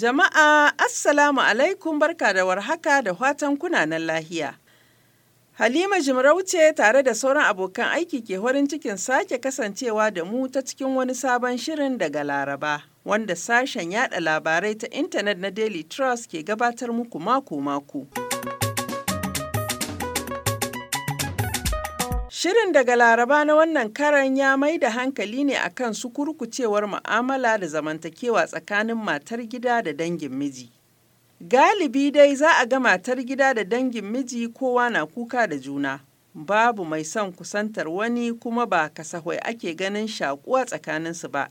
Jama'a Assalamu alaikum barka da warhaka da fatan kunanan lahiya. Halima Jimarauce tare da sauran abokan aiki ke horin cikin sake kasancewa da mu ta cikin wani sabon shirin daga Laraba, wanda sashen yada labarai ta intanet na Daily Trust ke gabatar muku mako-mako. Shirin daga Laraba na wannan karan ya mai da hankali ne akan su kurkucewar mu'amala da zamantakewa tsakanin matar gida da dangin miji. Galibi dai za a ga matar gida da dangin miji kowa na kuka da juna. Babu mai son kusantar wani kuma ba kasahwai ake ganin shakuwa tsakaninsu ba,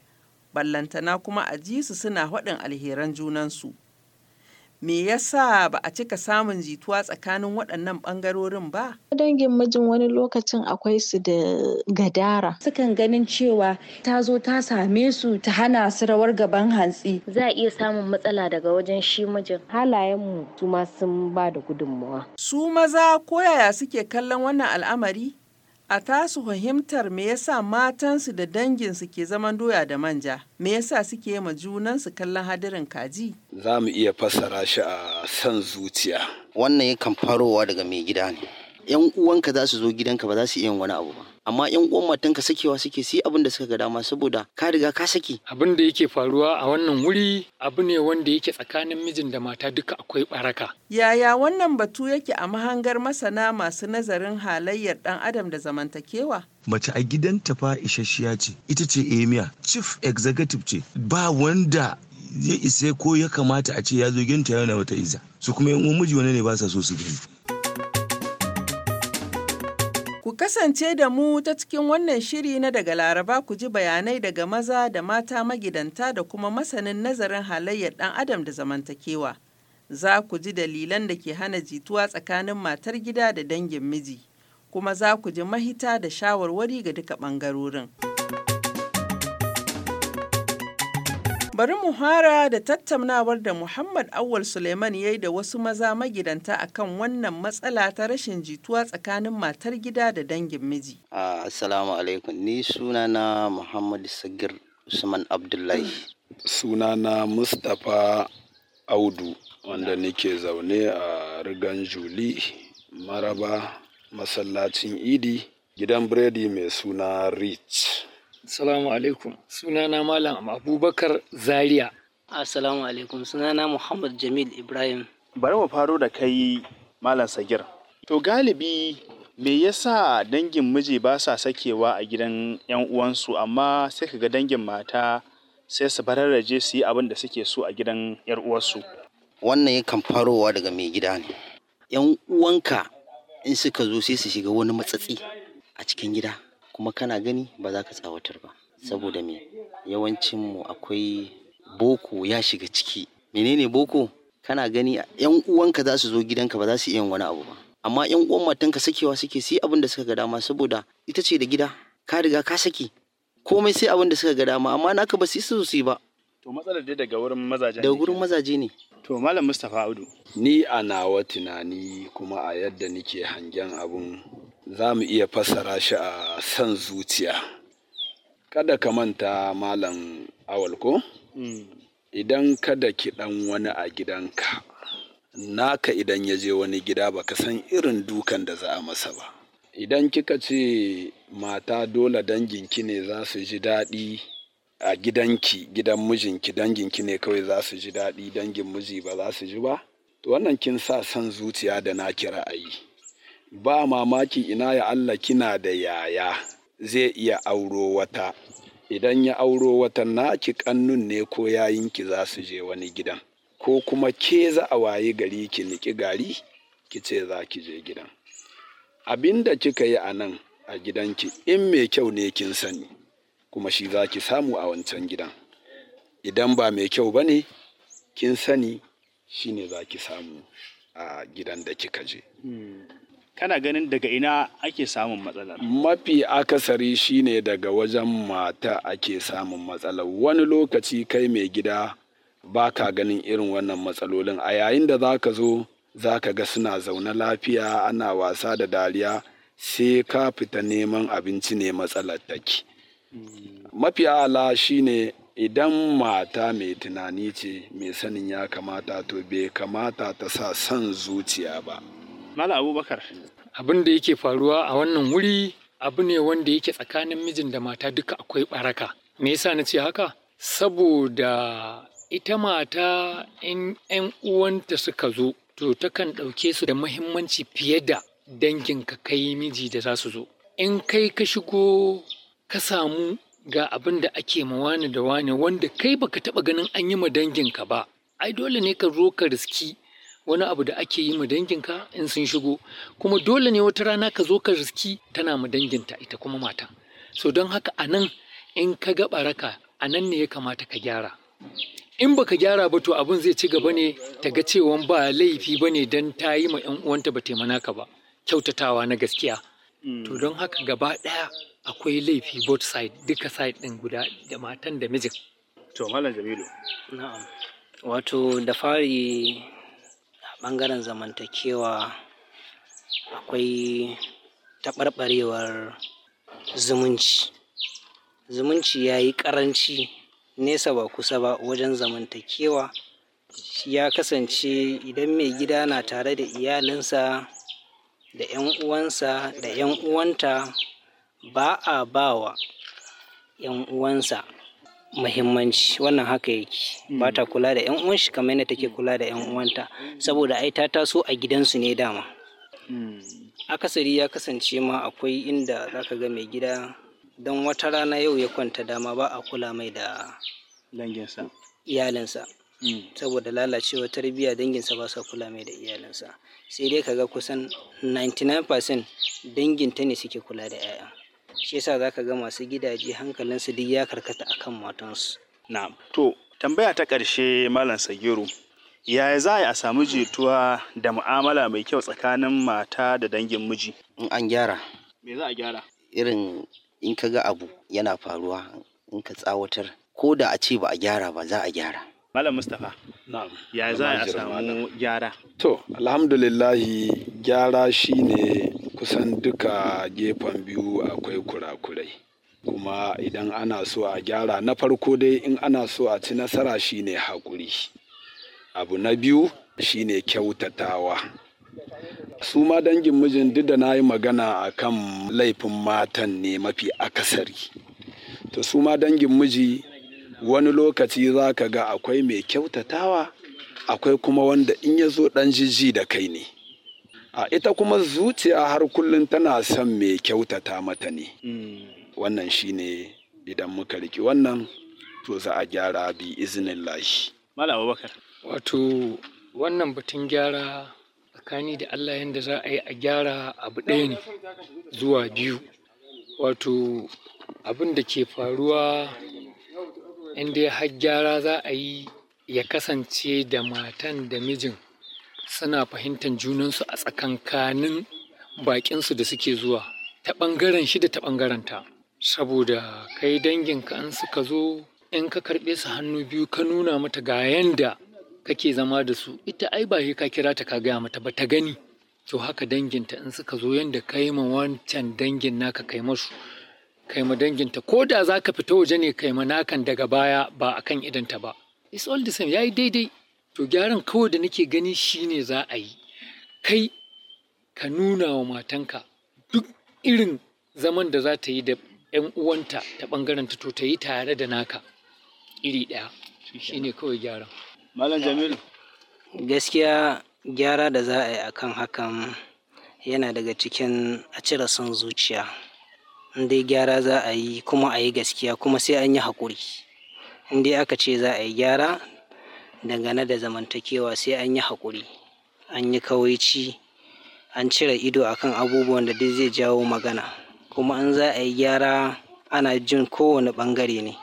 ballantana kuma a ji su suna haɗin alheran junansu. Me yasa ba a cika samun jituwa tsakanin waɗannan ɓangarorin ba? Dangin mijin wani lokacin akwai su da gadara. Sukan ganin cewa ta zo ta same su ta hana su rawar gaban hantsi. Za a iya samun matsala daga wajen shi mijin. Halayenmu su ma sun ba da gudunmawa. Su maza ko yaya suke kallon wannan al'amari? a tasu fahimtar me yasa matansu da danginsu ke zaman doya da manja me yasa suke ma junansu kallon hadirin kaji za mu iya fassara shi a san zuciya wannan yakan farowa daga mai gida ne yan uwanka za su zo gidanka ba za su iya wani abu ba amma yan uwan matanka sakewa suke su abin da suka ga dama saboda ka riga ka saki abin da yake faruwa a wannan wuri abu ne wanda yake tsakanin mijin da mata duka akwai baraka yaya wannan batu yake a mahangar masana masu nazarin halayyar dan adam da zamantakewa mace a gidanta fa isasshiya ce ita ce emia chief executive ce ba wanda ya isa ko ya kamata a ce ya zo ginta yana wata iza su kuma yan uwan miji wani ne ba sa so su gani Ku kasance da mu ta cikin wannan shiri na daga Laraba ku ji bayanai daga maza da mata magidanta da kuma masanin nazarin halayyar ɗan adam da zamantakewa. Za ku ji dalilan da ke hana jituwa tsakanin matar gida da dangin miji, kuma za ku ji mahita da shawarwari ga duka ɓangarorin. Bari mu hara da tattaunawar da Muhammad Awal Suleiman ya yi da wasu maza magidanta akan wannan matsala ta rashin jituwa tsakanin matar gida da dangin miji. Ah, assalamu alaikum, ni sunana Muhammad Sagir Usman Abdullahi. Sunana Mustapha Audu, wanda nake zaune a Rigan Juli, Maraba, Masallacin Idi, gidan Biredi mai suna Rich. Assalamu alaikum. Sunana Malam Abubakar Zaria. Assalamu alaikum. Sunana Muhammad Jamil Ibrahim. Bari mu faro da kai Malam Sagir. To galibi me yasa dangin miji ba sa sakewa a gidan 'yan uwansu amma sai ka ga dangin mata sai su bararraje su yi abin da suke so a gidan 'yar uwarsu. Wannan yakan farowa daga mai gida ne. 'Yan uwanka in suka zo sai su shiga wani matsatsi a cikin gida. kuma kana gani ba za ka tsawatar ba saboda me yawancin mu akwai boko ya shiga ciki menene boko kana gani yan uwanka za su zo gidanka ba za su iya wani abu ba amma yan uwan matanka sakewa suke sai abin da suka ga dama saboda ita ce da gida ka riga ka saki komai sai abin da suka ga dama amma naka ba su su yi ba to matsalar dai daga wurin mazaje daga wurin mazaje ne to malam Mustapha Audu ni a nawa tunani kuma a yadda nike hangen abun za mu iya fassara shi a san zuciya kada ka manta malam Awalko, mm. idan kada ki dan wani a gidanka naka idan ya je wani gida ba ka san irin dukan da za a masa ba idan kika ce mata dole danginki ne za su ji daɗi a gidanki gidan mijinki danginki ne kawai za su ji daɗi dangin miji ba za su ji ba to wannan kin sa san zuciya da naki ra'ayi ba mamaki ina ya Allah kina da yaya zai iya auro wata idan ya auro wata naki kannun ne ko yayinki za su je wani gidan ko kuma ke za a wayi gari ki niki gari ki ce za ki je gidan Abinda da kika yi a nan a gidanki in mai kyau ne kin sani kuma shi za ki samu a wancan gidan idan ba mai kyau ba ne kin sani shi ne za ki samu a gidan da kika je hmm. kana ganin daga ina ake samun matsala mafi akasari shine daga wajen mata ake samun matsala wani lokaci kai mai gida ba ka ganin irin wannan matsalolin a yayin da za ka zo za ka ga suna zaune lafiya ana wasa da dariya sai ka fita neman abinci ne matsalar take hmm. mafi ala shine idan mata mai tunani ce mai sanin ya kamata to bai kamata ta sa son zuciya ba Mala Abubakar. Abin da yake faruwa a wannan wuri abu ne wanda yake tsakanin mijin da mata duka akwai ɓaraka. Me yasa na ce haka? Saboda ita mata in 'yan uwanta suka zo to takan ɗauke su da mahimmanci fiye da dangin ka kai miji da za su zo. In kai ka shigo ka samu ga abin da ake ma wani da wani wanda kai baka taɓa ganin an yi ma dangin ka ba. Ai dole ne ka zo ka riski wani abu da ake yi ma danginka in sun shigo kuma dole ne wata rana ka zo ka riski tana ma danginta ita kuma mata so don haka a nan in ka ga baraka a nan ne ya kamata ka gyara in baka gyara ba to abin zai ci gaba ne ta ga cewa ba laifi ba ne don ta yi ma 'yan uwanta ba taimana ka ba kyautatawa na gaskiya mm. to don haka gaba ɗaya akwai laifi both side duka side ɗin guda da matan da mijin to malam jamilu na'am wato da fari ɓangaren zamantakewa akwai taɓarɓarewar zumunci. Zumunci ya yi ƙaranci nesa ba kusa ba wajen zamantakewa. Ya kasance idan mai gida na tare da iyalinsa, da 'yan uwansa, da 'yan uwanta, ba a ba wa 'yan uwansa. muhimmanci wannan haka yake ba ta mm. kula da 'yan uwanshi shi kamar yadda take mm. kula da 'yan uwanta saboda ai ta taso a gidansu ne dama mm. akasari ya kasance ma akwai inda zaka ga mai gida don wata rana yau ya kwanta dama ba a kula mai da danginsa iyalinsa saboda lalacewa tarbiyya danginsa ba sa kula mai da iyalinsa sai dai ga kusan 99% danginta ne suke kula da 'ya'ya shi yasa za ka ga masu gidaje hankalinsu duk ya karkata a kan matansu na'am to tambaya ta ƙarshe malam sagiru yaya za a samu jituwa da mu'amala mai kyau tsakanin mata da dangin miji in an gyara me za a gyara irin in ka ga abu yana faruwa in ka tsawatar ko da a ce ba a gyara ba za a gyara malam mustapha yaya za a samu gyara to alhamdulillahi gyara shine kusan duka gefen biyu akwai kurakurai kuma idan ana so a gyara na farko dai in ana so a ci nasara shine hakuri, abu na biyu shine kyautatawa su ma dangin mijin duk da na yi magana a kan laifin matan ne mafi akasari to su ma dangin miji wani lokaci za ka ga akwai mai kyautatawa akwai kuma wanda in ya zo ɗan jijji da kai ne a ita kuma zuciya har kullum tana son mai kyautata mata ne wannan shi ne idan muka riki wannan to za a gyara bi izinin lashi abubakar wato wannan batun gyara tsakani da allah yadda za a yi a gyara abu ɗaya ne zuwa biyu wato abin da ke faruwa inda har gyara za a yi ya kasance da matan da mijin suna fahimtar junansu a tsakankanin baƙinsu da suke zuwa ta ɓangaren shi da ta ɓangaren saboda kai danginka an suka zo in ka karɓe su hannu biyu ka nuna mata ga yanda kake zama da su ita ai ba ka kira ta ka gaya mata ba ta gani to haka danginta in suka zo yanda ka yi ma wancan dangin naka kai masu kai ma danginta ko da za ka fita waje ne kai ma nakan daga baya ba akan idanta ba it's all the same yayi daidai to gyaran kawai da nake gani shine za a yi kai ka nuna wa matanka duk irin zaman da za ta yi da 'yan uwanta ta bangaren ta to ta yi tare da naka iri ɗaya shine kawai gyaran malam jamilu gaskiya gyara da za a yi akan hakan yana daga cikin a cire son zuciya dai gyara za a yi kuma a yi gaskiya kuma sai an yi haƙuri in dai aka ce za a yi gyara dangane da zamantakewa sai an yi haƙuri an yi kawaici an cire ido akan abubuwan da duk zai jawo magana kuma in za a yi gyara ana jin kowane ɓangare ne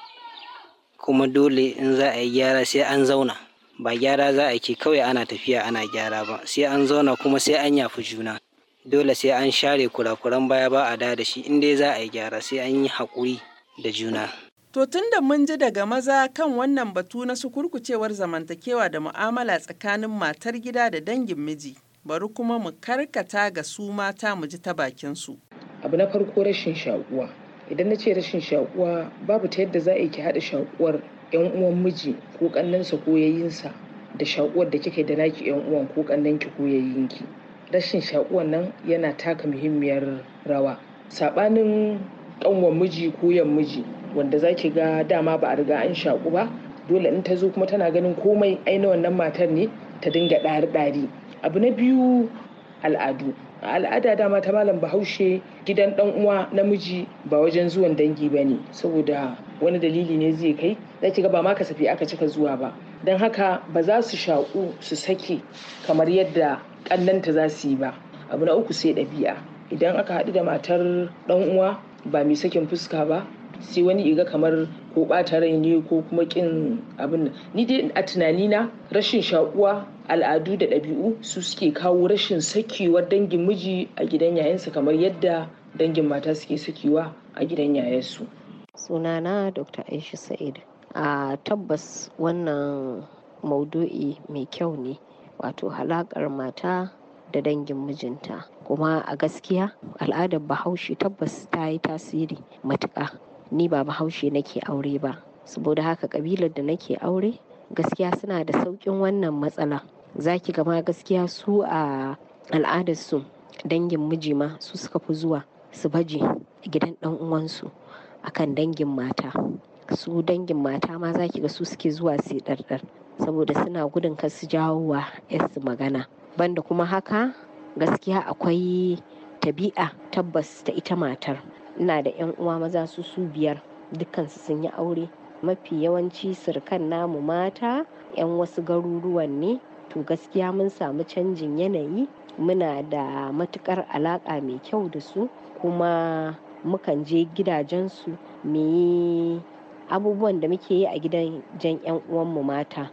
kuma dole in za a yi gyara sai an zauna ba gyara za a ke kawai ana tafiya ana gyara ba sai an zauna kuma sai an yafi juna dole sai an share kurakuran baya ba a da shi in dai za a yi gyara sai an yi haƙuri da juna To tun da mun ji daga maza kan wannan batu na su kurkucewar zamantakewa da mu'amala tsakanin matar gida da dangin miji, bari kuma mu karkata ga su mata mu ji ta bakin su. Abu na farko rashin shakuwa. Idan na ce rashin shakuwa babu ta yadda za a ki haɗa shakuwar 'yan uwan miji ko ƙannensa ko yayinsa da shakuwar da kike da naki 'yan uwan ko ƙannenki ko yayinki. Rashin shakuwan nan yana taka muhimmiyar rawa. Saɓanin ƙanwan miji ko yan miji wanda za ki ga dama ba a riga an shaƙu ba dole in ta zo kuma tana ganin komai aina wannan matar ne ta dinga ɗari-ɗari abu na biyu al'adu a al'ada dama ta malam bahaushe gidan ɗan uwa namiji ba wajen zuwan dangi ba ne saboda wani dalili ne zai kai za ki ga ba ma kasafi aka cika zuwa ba don haka ba za su shaƙu su sake kamar yadda ƙannanta za su yi ba abu na uku sai ɗabi'a idan aka haɗu da matar ɗan uwa ba mai sakin fuska ba sai wani iga kamar ko ɓata rai ne ko kuma ƙin abin ni dai a tunanina rashin shakuwa al'adu da ɗabi'u su suke kawo rashin sakewar dangin miji a gidan yayansa kamar yadda dangin mata suke sakewa a gidan yayansu sunana dr aisha sa'id a tabbas wannan maudu'i mai kyau ne wato halakar mata da dangin mijinta kuma a gaskiya al'adar bahaushe tabbas ta yi tasiri matuka. ni ba bahaushe nake aure ba saboda haka ƙabilar da nake aure gaskiya suna da saukin wannan matsala za ki gama gaskiya su a al'adarsu dangin miji ma su suka fi zuwa su baje gidan ɗan uwansu akan dangin mata su dangin mata ma za ki ga su suke zuwa su ɗarɗar saboda suna gudun kar su jawo wa su magana banda kuma haka gaskiya akwai tabi'a tabbas ta ita matar ina da yan uwa maza su su biyar dukansu sun yi aure mafi yawanci surukan namu mata yan wasu garuruwan ne to gaskiya mun samu canjin yanayi muna da matukar alaka mai kyau da su kuma mukan je gidajensu mu abubuwan da muke yi a gidan jan 'yan mu mata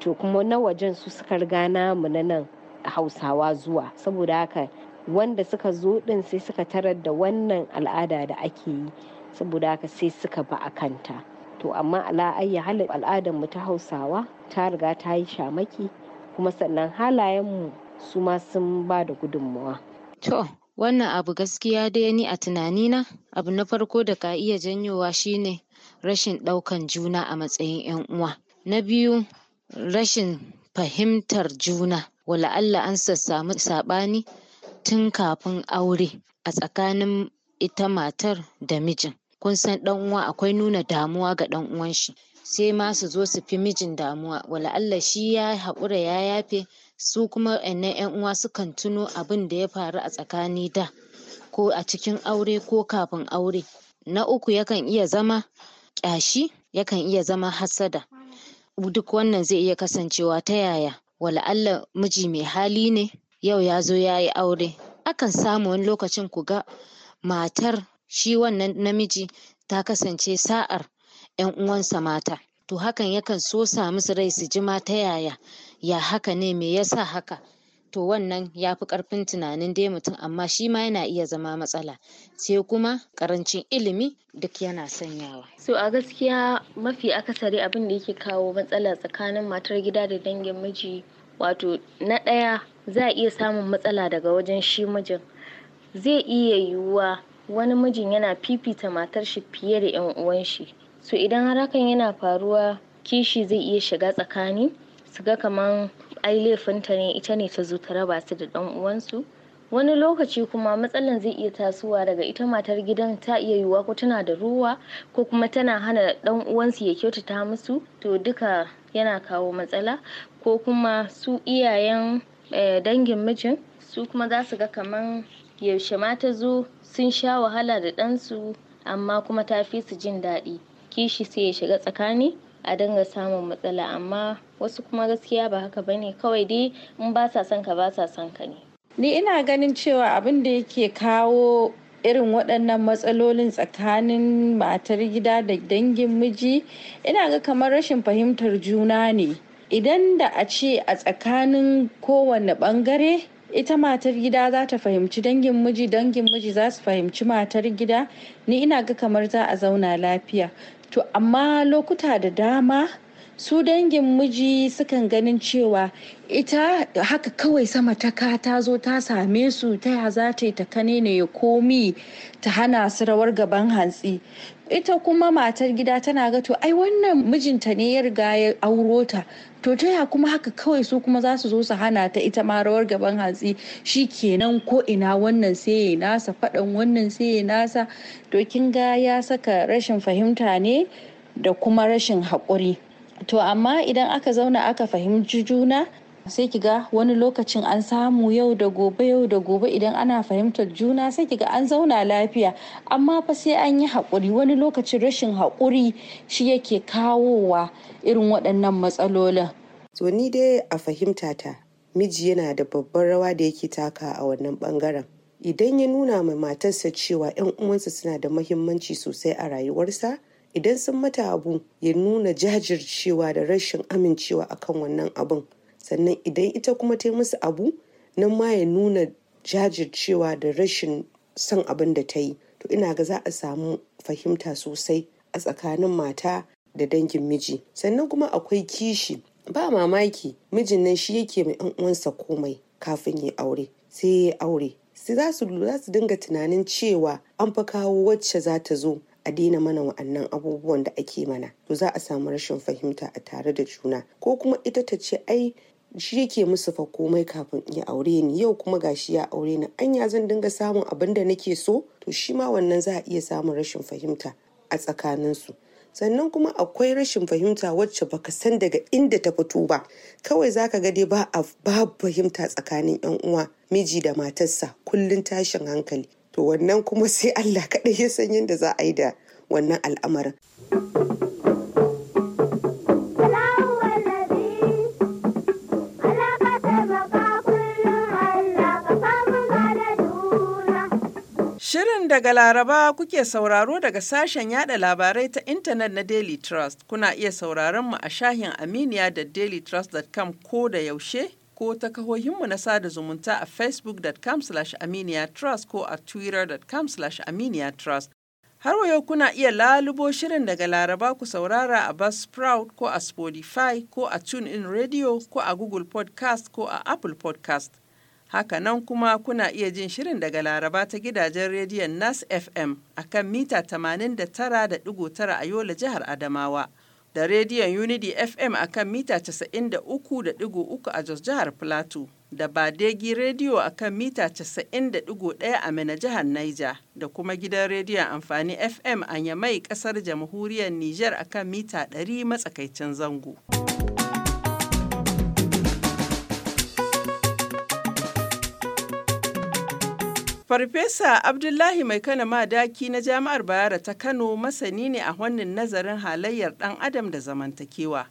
to kuma na wajen su suka riga namu na nan hausawa zuwa saboda haka wanda suka zo din sai suka tarar da wannan al'ada da ake yi saboda haka sai suka bi a kanta to amma ala halin al'adar mu ta hausawa ta riga ta yi shamaki kuma sannan halayen mu su ma sun ba da gudunmawa to wannan abu gaskiya dai ni a tunanina abu na farko da ka iya janyowa shine rashin ɗaukan juna a matsayin 'yan uwa na biyu rashin fahimtar juna wala'alla an sassamu saɓani tun kafin aure a tsakanin ita matar da mijin kun san ɗan uwa akwai nuna damuwa ga ɗan uwan shi sai ma su zo su fi mijin damuwa Wala allah shi ya haƙura ya yafe su kuma wa'innan ƴan uwa sukan tuno abin da ya faru a tsakani da ko a cikin aure ko kafin aure na uku yakan iya zama ƙyashi yakan iya zama hassada duk wannan zai iya kasancewa ta yaya Wala allah miji mai hali ne yau ya zo ya yi aure akan samu wani lokacin ku ga matar shi wannan namiji ta kasance sa'ar 'yan uwansa mata to hakan yakan sosa musu rai su ji ma ta yaya ya haka ne me yasa haka to wannan ya fi ƙarfin tunanin dai mutum amma shi ma yana iya zama matsala sai kuma ƙarancin ilimi duk yana sanyawa. so a gaskiya mafi akasari abin da yake kawo matsala tsakanin matar gida da dangin miji wato na ɗaya za a iya samun matsala daga wajen shi mijin zai iya yiwuwa wani mijin yana fifita matar shi fiye da yan uwan shi so idan har hakan yana faruwa kishi zai iya shiga tsakani su ga kaman laifinta ne ita ne ta zo ta raba su da ɗan uwansu wani lokaci kuma matsalan zai iya tasowa daga ita matar gidan ta iya yiwuwa ko tana da ruwa ko kuma tana hana ɗan uwansu ya kyautata musu to duka yana kawo matsala ko kuma su iyayen Eh, dangin mijin su kuma za su ga kaman yaushe mata zo sun sha wahala da ɗansu amma kuma ta fi su jin daɗi kishi sai ya shiga tsakani a dinga samun matsala amma wasu kuma gaskiya ba haka ba ne kawai dai in ba sa son ka ba sa son ka ne ni ina ganin cewa abin da yake kawo irin waɗannan matsalolin tsakanin matar gida da dangin miji ina ga kamar rashin fahimtar juna ne idan da a ce a tsakanin kowane bangare ita matar gida za ta fahimci dangin miji dangin miji za su fahimci matar gida ni ina ga kamar za a zauna lafiya to amma lokuta da dama su dangin miji sukan ganin cewa ita haka kawai sama ta ka ta zo ta same su ta ya za ta yi ta kane ne ya komi ta hana su rawar gaban hantsi ita kuma matar gida tana ga to ai wannan mijinta ne ya riga ya auro ta to ta ya kuma haka kawai su kuma za su zo su hana ta ita ma rawar gaban hantsi shi kenan ko ina wannan sai ya nasa faɗan wannan sai ya nasa to kin ga ya saka rashin fahimta ne da kuma rashin haƙuri. to amma idan aka zauna aka fahimci juna sai kiga wani lokacin an samu yau da gobe yau da gobe idan ana fahimtar juna sai kiga an zauna lafiya amma fa sai an yi haƙuri wani lokacin rashin haƙuri shi yake kawowa irin waɗannan matsalolin to ni dai a fahimta ta miji yana da babbar rawa da yake taka a wannan bangaren idan ya nuna ma matarsa cewa 'yan uwansa suna da muhimmanci sosai a rayuwarsa idan sun mata abu ya nuna jajircewa da rashin amincewa akan wannan abun sannan idan ita kuma ta yi musu abu nan ma ya nuna jajircewa da rashin son abin da ta yi to ina ga za a samu fahimta sosai a tsakanin mata da dangin miji sannan kuma akwai kishi ba mamaki mijin nan shi yake mai uwansa komai kafin ya aure sai ya aure sai za su dinga tunanin cewa an fa kawo wacce za ta zo a daina mana wa'annan abubuwan da ake mana to za a samu rashin fahimta a tare da juna ko kuma ita ta ce ai shi yake musu fa komai kafin ya aure ni yau kuma gashi ya aure ni anya zan dinga samun abin da nake so to shi ma wannan za a iya samun rashin fahimta a tsakaninsu sannan kuma akwai rashin fahimta wacce baka san daga inda ta fito ba kawai zaka ga dai ba a babu fahimta tsakanin yan uwa miji da matarsa kullun tashin hankali to wannan kuma sai Allah kaɗai ya san yadda za a yi da wannan al'amarin. Shirin daga Laraba kuke sauraro daga sashen yada labarai ta intanet na Daily Trust. Kuna iya sauraron mu a shahin Aminiya da dailytrust.com ko da yaushe ko ta kahohinmu na sada zumunta a facebook.com trust ko a twitter.com trust Har wa yau kuna iya lalubo shirin daga Laraba ku saurara a Buzzsprout ko a Spotify ko a in Radio ko a Google Podcast ko a Apple Podcast. haka nan kuma kuna iya jin shirin daga Laraba ta gidajen rediyon Nas FM a kan mita 89.9 a Yola jihar Adamawa. da rediyon Unity FM a kan mita 93.3 a Jos jihar Plateau, da Badegi rediyo a kan mita 90.1 a mena jihar Niger, da kuma gidan rediyon amfani FM a Yamai kasar jamhuriyar Niger a kan mita 100 matsakaicin zango. Farfesa Abdullahi Mai Kano Madaki na Jami'ar Bayero ta Kano masani ne a wannan nazarin halayyar ɗan adam da zamantakewa.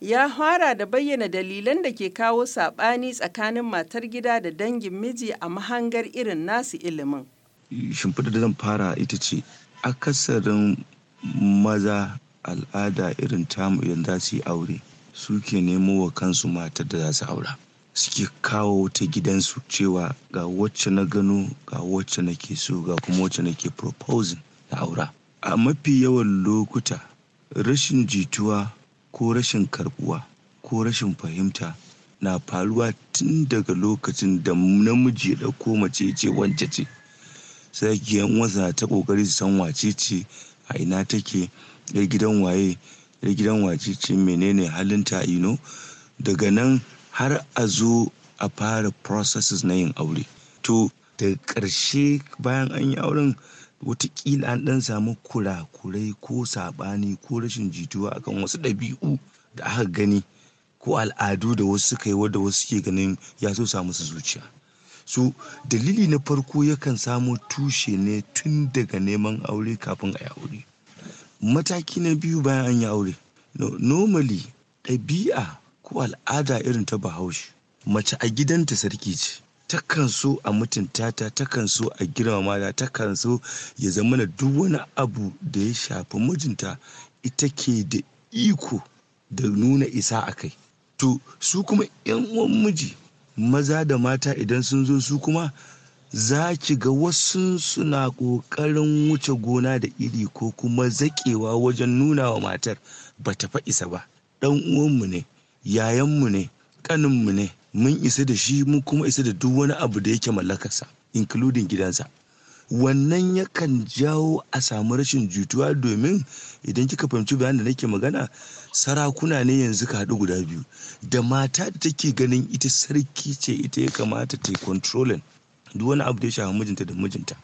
Ya fara da bayyana dalilan da ke kawo saɓani tsakanin matar gida da dangin miji a mahangar irin nasu ilimin. Shimfiɗa da zan fara ita ce, akasarin maza al'ada irin tamu idan za su yi aure, suke nemo wa kansu matar da za su aura. suke kawo ta gidansu cewa ga wacce na gano ga wacce nake so ga kuma wacce na ke proposing na aura a mafi yawan lokuta rashin jituwa ko rashin karbuwa ko rashin fahimta na faruwa tun daga lokacin da namiji ya ɗauko mace ce wance ce sai ki yan wasa ta kokari su san wace ce a ina take yar gidan waye ya gidan wace ce menene halinta ino daga nan har a zo a fara processes na yin aure to da ƙarshe bayan an yi auren watakila an ɗan samu kurakurai ko saɓani ko rashin jituwa akan wasu ɗabi'u da aka gani ko al'adu da wasu suka yi wadda wasu suke ganin ya so samu su zuciya su dalili na farko yakan samu tushe ne tun daga neman aure kafin a yi aure mataki na biyu bayan an yi aure normally ɗabi'a ko al'ada irin ta bahaushe mace a gidanta sarki ce takan so a mutunta ta takan so a girmama ta takan so ya zama na duk wani abu da ya shafi mijinta ita ke da iko da nuna isa a kai to su kuma yan uwan miji maza da mata idan sun zo su kuma za ki ga wasu suna ƙoƙarin wuce gona da iri ko kuma zaƙewa wajen nuna wa matar ba ta fa isa ba ɗan uwanmu ne yayanmu ne kaninmu ne mun isa da shi mun kuma isa da duk wani abu da yake mallakarsa including gidansa wannan yakan jawo a samu rashin jituwa domin idan kika fahimci bayan da nake magana sarakuna ne yanzu ka haɗu guda biyu da mata da take ganin ita sarki ce ita ya kamata ta yi controlling duk wani abu da ya shafi mijinta da mijinta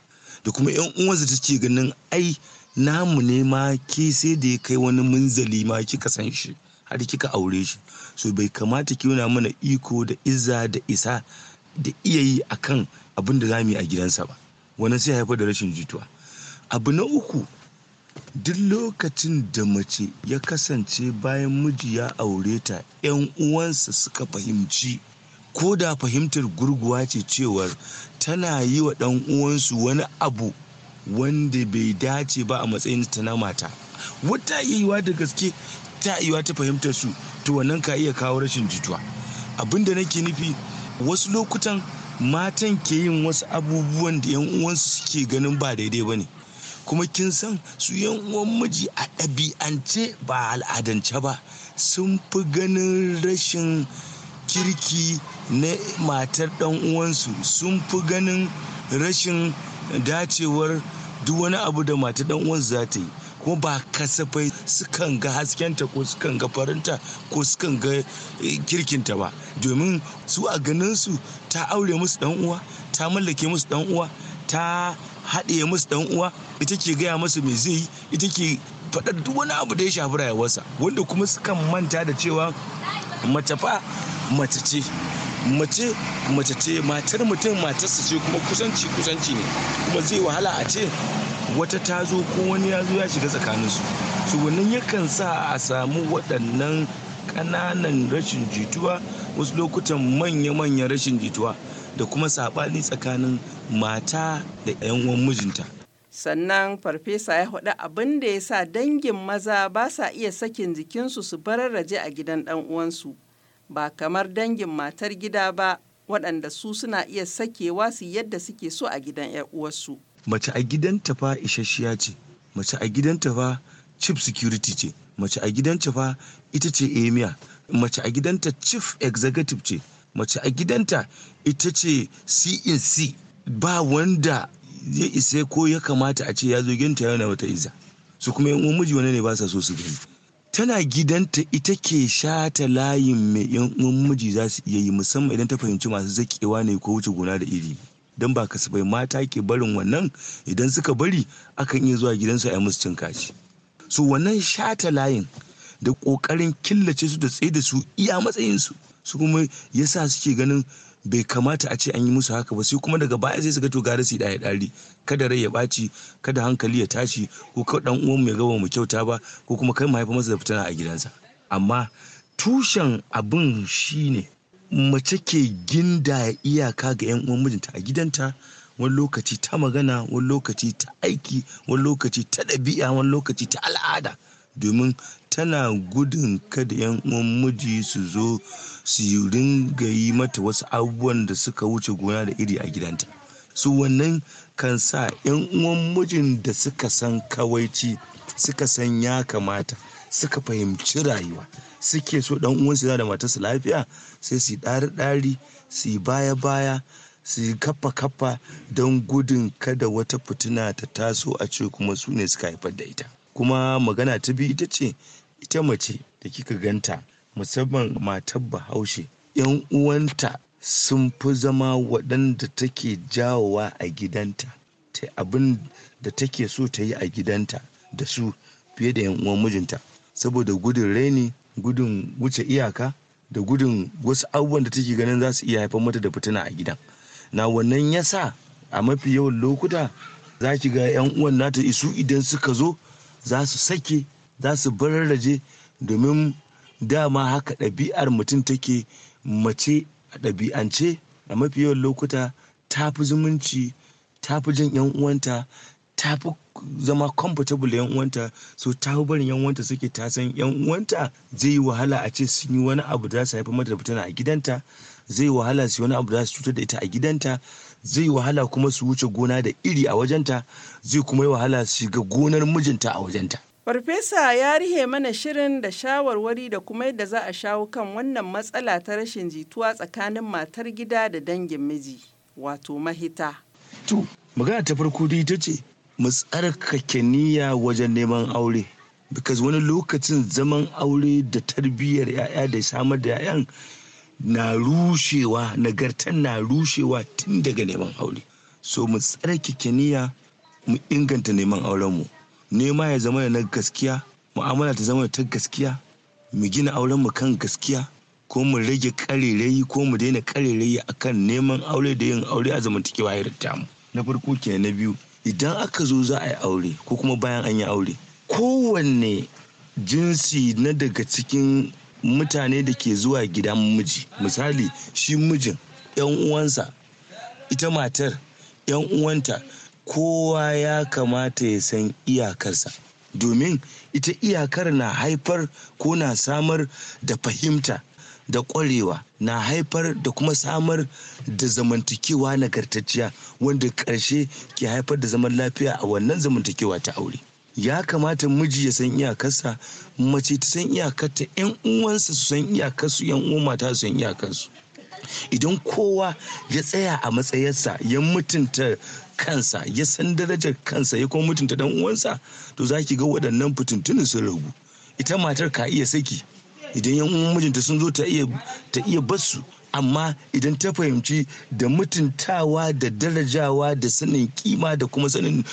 da kuma yan uwansa take ganin ai namu ne ma ke sai da ya kai wani munzali ma kika san shi har kika aure shi so bai kamata ki nuna mana iko da izza da isa da iya yi akan abin da zamu yi a gidansa ba wannan sai haifar da rashin jituwa abu na uku duk lokacin da mace ya kasance bayan miji ya aure ta 'yan uwansa suka fahimci ko da fahimtar gurguwa ce cewar tana yi wa ɗan uwansu wani abu wanda bai dace ba a matsayin ta na mata wata yiwa da gaske ta'iwa ta fahimtar su to wannan ka iya kawo rashin jituwa abinda da nake nufi wasu lokutan matan ke yin wasu abubuwan da yan uwansu suke ganin ba daidai ba ne kuma kin san su yan uwan miji a ɗabi'ance ba al'adance ba sun fi ganin rashin kirki na matar ɗan uwansu sun fi ganin rashin dacewar duk wani abu da matar ɗan uwansu za ta yi kuma ba kasafai sukan ga haskenta ko sukan ga farinta ko sukan ga eh, kirkinta ba domin su a ganin su ta aure musu dan uwa ta mallake musu dan uwa ta haɗe musu dan uwa ita ke gaya musu me zai yi ita ke faɗar duk wani abu da ya shafi rayuwarsa wanda kuma sukan manta da cewa mace fa mace ce mace mace ce matar mutum matarsa ce kuma kusanci kusanci ne kuma zai wahala a ce wata ta zo ko wani ya zo ya shiga tsakaninsu su wannan yakan sa a samu waɗannan ƙananan rashin jituwa wasu lokutan manya-manyan rashin jituwa da kuma saɓani tsakanin mata da 'yan uwan mijinta sannan farfesa ya haɗu abin da ya sa dangin maza ba sa iya sakin jikinsu su bararraje a gidan ɗan uwansu ba kamar dangin matar gida ba waɗanda su suna iya sakewa su yadda suke so a gidan 'yar uwarsu. mace a gidanta fa isasshiya ce mace a gidanta fa chief security ce mace a gidanta fa ita ce emir mace a gidanta chief executive ce mace a gidanta ita ce cnc ba wanda ya isa ko ya kamata a ce ya zo ginta yana wata iza su kuma yan uwan miji wani ne ba sa so su gani tana gidanta ita ke shata layin mai yan uwan miji za su iya yi musamman idan ta fahimci masu zakewa ne ko wuce gona da iri don ba kasafai mata ke barin wannan idan suka bari akan iya zuwa gidansu a yi musu cin kashi so wannan shata layin da ƙoƙarin killace su da tsaye da su iya matsayinsu su kuma ya sa suke ganin bai kamata a ce an yi musu haka ba sai kuma daga baya sai su ga to gara su ɗaya ɗari kada rai ya ɓaci kada hankali ya tashi ko ka ɗan uwan mai gaba mu kyauta ba ko kuma kai haifa masa da fitina a gidansa amma tushen abin shine mace ke ginda iyaka ga 'yan uwan mijinta a gidanta wani lokaci ta magana wani lokaci ta aiki wani lokaci ta ɗabi'a wani lokaci ta al'ada domin tana gudun kada 'yan uwan miji su zo su ringa yi mata wasu abubuwan da suka wuce gona da iri a gidanta su wannan kan sa 'yan uwan mijin da suka san kawaici suka san ya kamata suka fahimci rayuwa suke so dan uwan yana da matarsa lafiya sai su ɗari ɗari su baya baya su yi kafa kafa don gudun kada wata fitina ta taso a ce kuma su ne suka haifar da ita kuma magana ta biyu ita ce ita mace da kika ganta musamman matar bahaushe yan uwanta sun fi zama waɗanda take jawowa a gidanta ta abin da take so ta yi a gidanta da su fiye da yan uwan mijinta saboda gudun raini gudun wuce iyaka da gudun wasu abubuwan da take ganin za su iya haifar mata da fitina a gidan na wannan ya sa a mafi yawan lokuta za ki ga 'yan uwan nata isu idan suka zo za su sake za su bararraje domin dama haka ɗabi'ar mutum take mace a ɗabi'ance a mafi yawan lokuta ta fi zumunci ta fi jin 'yan uwanta ta fi zama comfortable yan uwanta so ta fi barin yan uwanta suke ta san yan uwanta zai yi wahala a ce sun yi wani abu da su haifi mata da a gidanta zai wahala su yi wani abu da su cutar da ita a gidanta zai wahala kuma su wuce gona da iri a wajenta zai kuma yi wahala su shiga gonar mijinta a wajenta Farfesa ya rihe mana shirin da shawarwari da kuma yadda za a shawo kan wannan matsala ta rashin jituwa tsakanin matar gida da dangin miji, wato mahita. To, magana ta farko dai ita ce mu tsarkake niyya wajen neman aure because wani lokacin zaman aure da tarbiyyar 'ya'ya da samar da 'ya'yan na rushewa nagartan na rushewa tun daga neman aure so mu tsarkake niyya mu inganta neman aurenmu nema ya zama da na gaskiya mu'amala ta zama ta gaskiya mu gina aurenmu kan gaskiya ko mu rage karerayi ko mu daina karerayi akan neman aure da yin aure a zamantakewa ya mu na farko ke na biyu idan aka zo za a yi aure ko kuma bayan an yi aure kowanne jinsi na daga cikin mutane da ke zuwa gidan miji misali shi mijin yan uwansa ita matar yan uwanta kowa ya kamata ya san iyakarsa domin ita iyakar na haifar ko na samar da fahimta da ƙwarewa na haifar da kuma samar da zamantakewa nagartacciya wanda ƙarshe ke haifar da zaman lafiya a wannan zamantakewa ta aure ya kamata miji ya san iyakarsa mace ta san iyakarta yan uwansa su san iyakarsu yan uwan mata su san iyakarsu idan kowa ya tsaya a matsayarsa ya mutunta kansa ya san darajar kansa ya kuma mutunta dan uwansa to zaki ga waɗannan fitintunin sun ragu ita matar ka iya saki idan yan mijinta sun zo ta iya basu amma idan ta fahimci da mutuntawa da darajawa da sanin kima da kuma sanin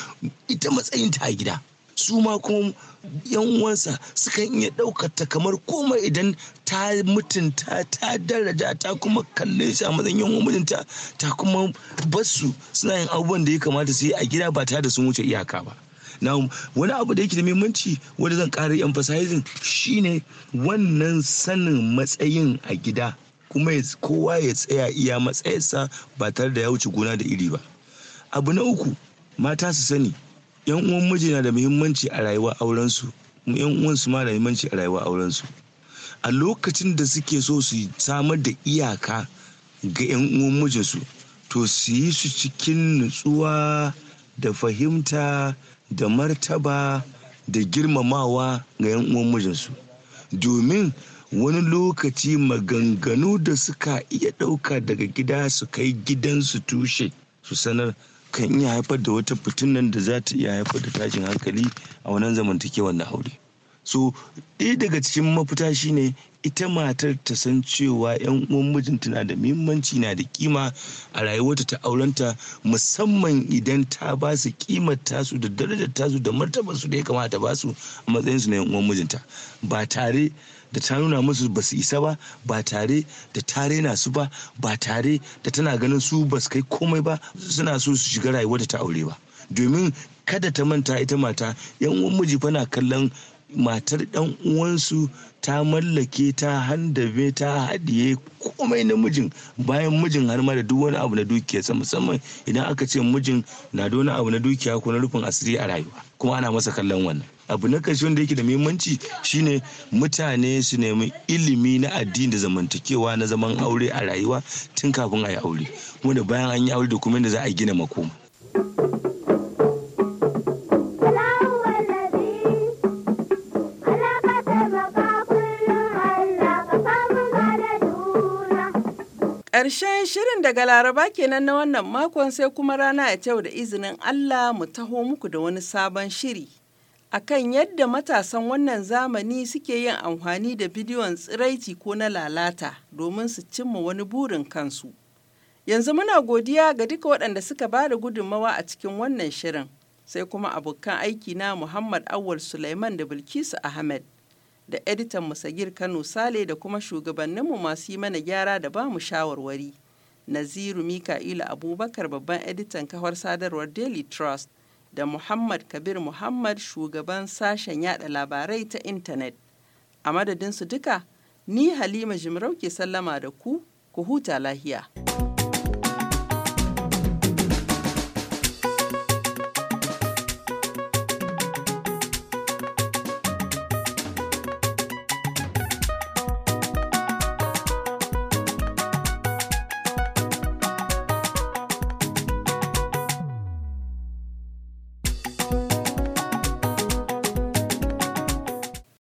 ita matsayinta a gida su ma kuma yan uwansa sukan iya ɗaukata kamar komai idan ta mutunta ta daraja ta kuma kalle shi a matsayin yan mijinta ta kuma basu suna yin abubuwan da ya kamata su yi a gida ba ta da sun wuce iyaka ba na wani abu da yake da muhimmanci wanda zan ƙara emphasizing shine wannan sanin matsayin a gida kuma kowa ya tsaya iya matsayarsa ba tare da ya wuce gona da iri ba abu na uku mata su sani yan uwan miji na da muhimmanci a rayuwa aurensu yan uwan su ma da muhimmanci a rayuwa aurensu a lokacin da suke so su samar da iyaka ga yan uwan mijinsu to su yi su cikin nutsuwa da fahimta da martaba da girmamawa ga 'yan uwan mijinsu domin wani lokaci maganganu da suka iya ɗauka daga gida su kai gidansu tushe su sanar kan iya haifar da wata fitinan da za ta iya haifar da tashin hankali a wannan zamantakewar na aure so ɗaya daga cikin mafita shine ita matar ta san cewa yan uwan mijinta na da muhimmanci na da kima a rayuwarta ta aurenta musamman idan ta ba su kimar tasu da darajar tasu da martabar su da ya kamata ba su a matsayin su na yan uwan mijinta ba tare da ta nuna musu ba su isa ba ba tare da ta rena su ba ba tare da tana ganin su ba su kai komai ba suna so su shiga rayuwarta ta aure ba domin kada ta manta ita mata yan uwan miji fa na kallon matar dan uwansu ta mallake ta handabe ta hadiye komai na mijin bayan mijin har ma da duk wani abu na dukiyarsa musamman idan aka ce mijin na da wani abu na dukiya ko na rufin asiri a rayuwa kuma ana masa kallon wannan abu na karshe wanda yake da muhimmanci shine mutane su nemi ilimi na addini da zamantakewa na zaman aure a rayuwa tun kafin a yi aure kuma da bayan an yi aure da kuma yadda za a gina makoma. Karshen shirin daga Laraba kenan na wannan makon sai kuma rana ya kyau da izinin Allah mu taho muku da wani sabon shiri. Akan yadda matasan wannan zamani suke yin amfani da bidiyon tsiraiti ko na lalata domin su cimma wani burin kansu. Yanzu muna godiya ga duka waɗanda suka ba da gudunmawa a cikin wannan shirin. Sai kuma abokan aiki na Muhammad Awal Sulaiman da Bilkisu Ahmed. da editan Musagir Kano Sale da kuma shugabanninmu masu yi mana gyara da ba mu shawarwari. Naziru Mika'ila Abubakar babban editan kawar sadarwar Daily Trust da Muhammad Kabir Muhammad shugaban sashen yada labarai ta intanet. A madadinsu duka, ni Halima Jimarau ke sallama da ku, ku huta lahiya.